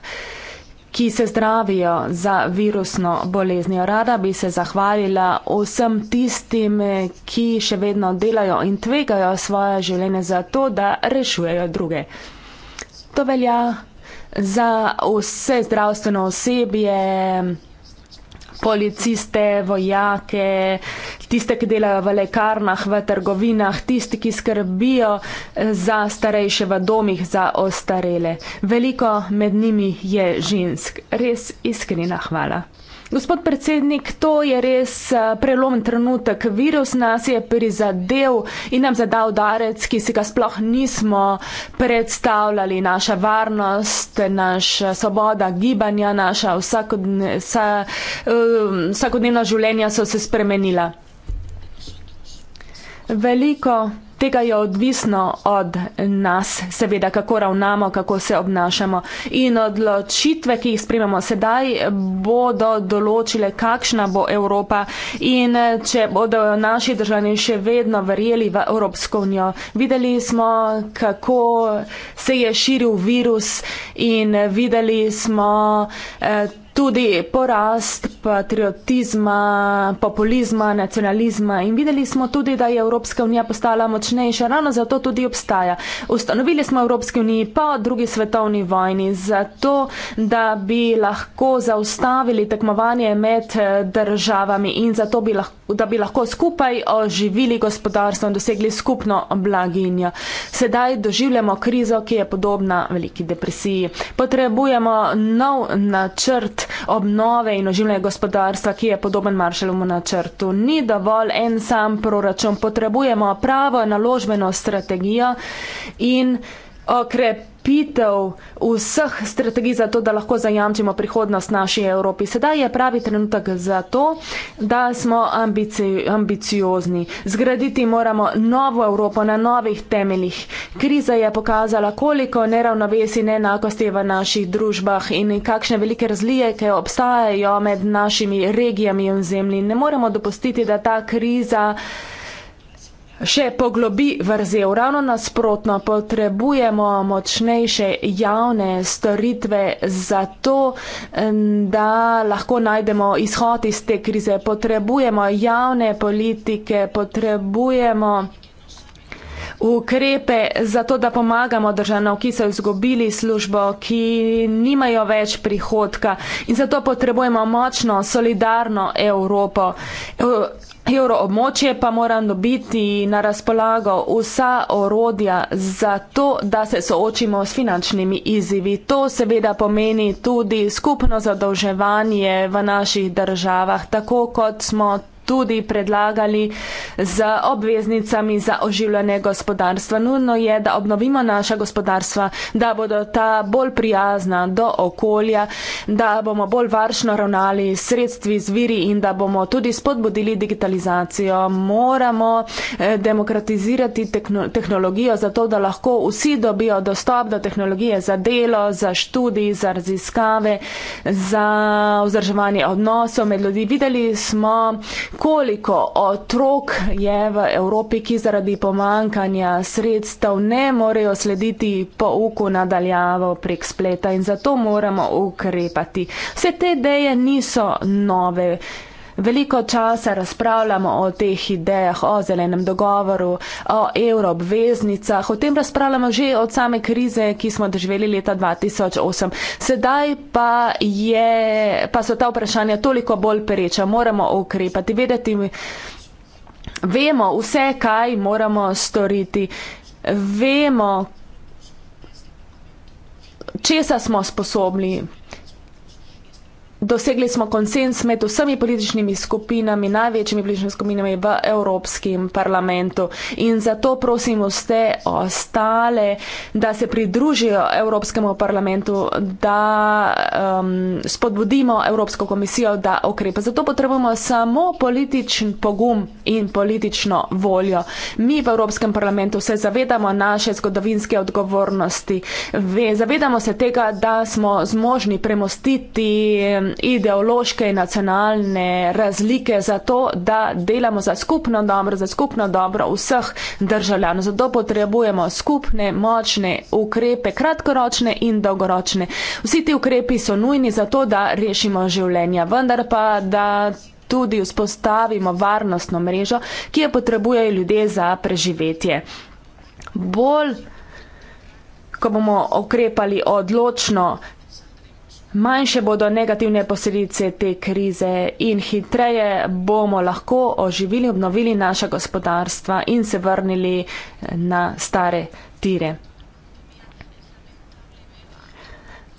ki se zdravijo za virusno boleznijo. Rada bi se zahvalila vsem tistim, ki še vedno delajo in tvegajo svoje življenje za to, da rešujejo druge. To velja za vse zdravstveno osebje policiste, vojake, tiste, ki delajo v lekarnah, v trgovinah, tisti, ki skrbijo eh, za starejše v domih, za ostarele. Veliko med njimi je žensk. Res iskrena hvala. Gospod predsednik, to je res eh, prelomen trenutek. Virus nas je prizadel in nam zadal darec, ki si ga sploh nismo predstavljali. Naša varnost, naša svoboda gibanja, naša vsakodne, vsa, eh, vsakodnevna življenja so se spremenila. Veliko tega je odvisno od nas, seveda, kako ravnamo, kako se obnašamo. In odločitve, ki jih sprememo sedaj, bodo določile, kakšna bo Evropa in če bodo naši državljani še vedno verjeli v Evropsko unijo. Videli smo, kako se je širil virus in videli smo. Eh, tudi porast patriotizma, populizma, nacionalizma in videli smo tudi, da je Evropska unija postala močnejša, ravno zato tudi obstaja. Ustanovili smo Evropski uniji po drugi svetovni vojni, zato da bi lahko zaustavili tekmovanje med eh, državami in zato bi lahko, da bi lahko skupaj oživili gospodarstvo in dosegli skupno blaginjo. Sedaj doživljamo krizo, ki je podobna veliki depresiji. Potrebujemo nov načrt obnove in oživljanja gospodarstva, ki je podoben Marshallovemu načrtu. Ni dovolj en sam proračun, potrebujemo pravo naložbeno strategijo in okrep okrepitev vseh strategij za to, da lahko zajamčimo prihodnost naši Evropi. Sedaj je pravi trenutek za to, da smo ambici, ambiciozni. Zgraditi moramo novo Evropo na novih temeljih. Kriza je pokazala, koliko neravnovesi in enakosti je v naših družbah in kakšne velike razlije, ki obstajajo med našimi regijami in zemlji. Ne moremo dopustiti, da ta kriza še poglobi vrzel. Ravno nasprotno, potrebujemo močnejše javne storitve za to, da lahko najdemo izhod iz te krize. Potrebujemo javne politike, potrebujemo ukrepe za to, da pomagamo državljanom, ki so izgubili službo, ki nimajo več prihodka in zato potrebujemo močno, solidarno Evropo. Evroobmočje pa mora dobiti na razpolago vsa orodja za to, da se soočimo s finančnimi izzivi. To seveda pomeni tudi skupno zadolževanje v naših državah, tako kot smo tudi predlagali z obveznicami za oživljanje gospodarstva. Nujno je, da obnovimo naša gospodarstva, da bodo ta bolj prijazna do okolja, da bomo bolj varšno ravnali s sredstvi, z viri in da bomo tudi spodbudili digitalizacijo. Moramo eh, demokratizirati tehnologijo, zato da lahko vsi dobijo dostop do tehnologije za delo, za študij, za raziskave, za vzdrževanje odnosov med ljudi. Videli smo, koliko otrok je v Evropi, ki zaradi pomankanja sredstev ne morejo slediti pouku nadaljavo prek spleta in zato moramo ukrepati. Vse te ideje niso nove. Veliko časa razpravljamo o teh idejah, o zelenem dogovoru, o evroobveznicah, o tem razpravljamo že od same krize, ki smo doživeli leta 2008. Sedaj pa, je, pa so ta vprašanja toliko bolj pereča, moramo ukrepati, vedeti, vemo vse, kaj moramo storiti, vemo, česa smo sposobni, dosegli smo konsens med vsemi političnimi skupinami, največjimi političnimi skupinami v Evropskem parlamentu. In zato prosim vse ostale, da se pridružijo Evropskemu parlamentu, da um, spodbudimo Evropsko komisijo, da okrepa. Zato potrebujemo samo političen pogum in politično voljo. Mi v Evropskem parlamentu se zavedamo naše zgodovinske odgovornosti. Ve, zavedamo se tega, da smo zmožni premostiti ideološke in nacionalne razlike za to, da delamo za skupno dobro, za skupno dobro vseh državljanov. Zato potrebujemo skupne, močne ukrepe, kratkoročne in dolgoročne. Vsi ti ukrepi so nujni za to, da rešimo življenja, vendar pa da tudi vzpostavimo varnostno mrežo, ki jo potrebujejo ljudje za preživetje. Bolj, ko bomo okrepali odločno manjše bodo negativne posledice te krize in hitreje bomo lahko oživili, obnovili naša gospodarstva in se vrnili na stare tire.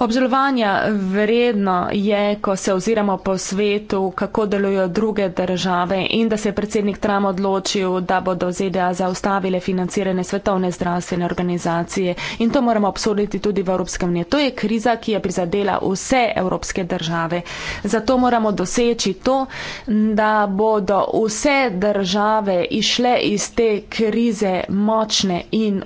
Obžalovanja vredno je, ko se oziramo po svetu, kako delujejo druge države in da se je predsednik Trump odločil, da bodo ZDA zaustavile financiranje svetovne zdravstvene organizacije in to moramo obsoditi tudi v Evropske unije. To je kriza, ki je prizadela vse evropske države. Zato moramo doseči to, da bodo vse države išle iz te krize močne in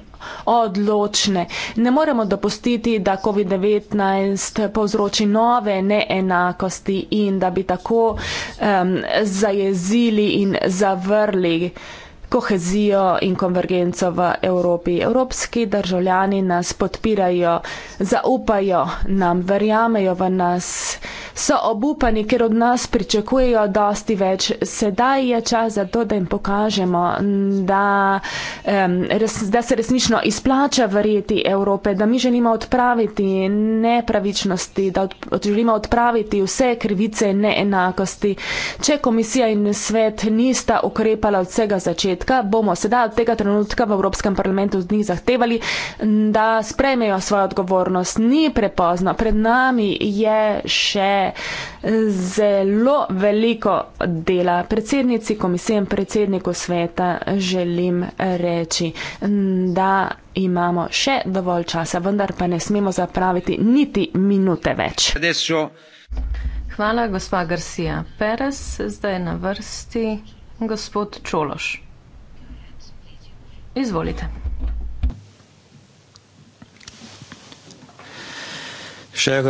odločne. Ne moremo dopustiti, da COVID-19 povzroči nove neenakosti in da bi tako um, zajezili in zavrli kohezijo in konvergenco v Evropi. Evropski državljani nas podpirajo, zaupajo nam, verjamejo v nas, so obupani, ker od nas pričakujejo dosti več. Sedaj je čas za to, da jim pokažemo, da, um, res, da se resnično izplača verjeti Evrope, da mi želimo odpraviti nepravičnosti, da od, želimo odpraviti vse krivice in neenakosti. Če komisija in svet nista ukrepala od vsega začetka, trenutka bomo sedaj od tega trenutka v Evropskem parlamentu z njih zahtevali, da sprejmejo svojo odgovornost. Ni prepozno, pred nami je še zelo veliko dela. Predsednici komisije in predsedniku sveta želim reči, da imamo še dovolj časa, vendar pa ne smemo zapraviti niti minute več. Hvala, gospa Garcia Perez. Zdaj je na vrsti gospod Čološ. Izvolite. Še enkrat,